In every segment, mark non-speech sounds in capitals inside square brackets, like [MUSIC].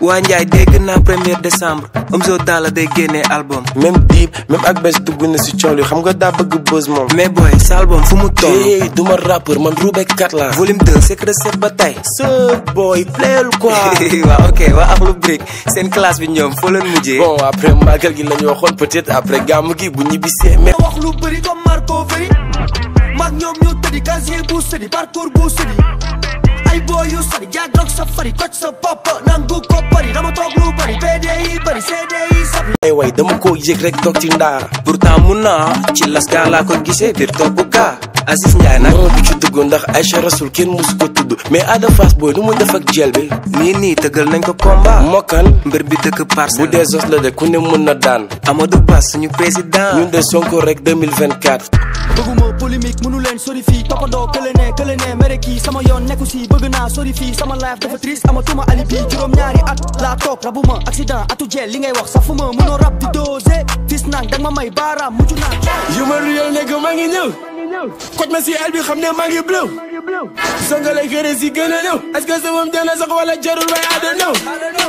Wanjaay dégg naa premier décembre Omzo Dollar day génne album même deep même ak bés dugg na si coow li xam nga daa bëgg buzz moom mais boy sa album fu mu toll hey duma rappeur man rubekat la volume 2 secret set ba tey ce boy playal quoi [LAUGHS] waa ok waa ak lu break seen classe bi ñoom foo leen mujjee bon après magal gi lañu waxoon peut être après gàmm gi bu ñibbisee mais wax lu bëri comme Marco Vey mag ñoom ñu tëddi casier bu sëdi parcours bu sëdi ay boo sa fari toj sa bopp nangu ko bari dama toog lu bari PDI bari CDI sab ay way dama ko yëg rek toog ci ndaar pourtant mun naa ci las gaa laa ko gisee biir topp kaa Aziz Ndiaye nag du ci dugg ndax Aïcha Rasoul kenn musu ko tudd mais Ada Fass booy nu mu def ak bi nii nii tëggal nañ ko combat mokkan mbir bi dëkk parce bu dee sos la de ku ne mun na daan Amadou Ba suñu président ñun de Sonko rek 2024 polémique leen sori fii toppandoo kële ne kële sama yoon nekku si bëgg naa sori fii sama life dafa triste amatuma alibi juróom-ñaari at laa toog rabuma accident atu jeel li ngay wax safuma rab di dose fis naan danga ma may baaraam mujj naa yu ma ruyal ne que maa ngi ñëw koj ma si el bi xam ne maa ngi bleu sangale kër si gën a ñëw est-ce que sa moom dana sax wala jarul may àdda ñëw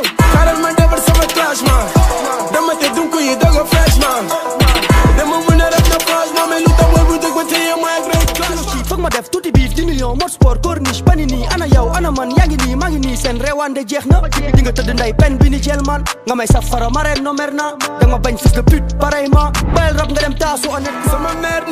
ma def tuuti biif di million mode sport corniche bani ana yow ana man yaa ngi nii maa ngi nii seen rewaande jeex nga tëdd nday pen bi ni nga may saf mareen no mer na danga ma bañ fils de pute pareillement bayal rab nga dem taasu honnête sama mère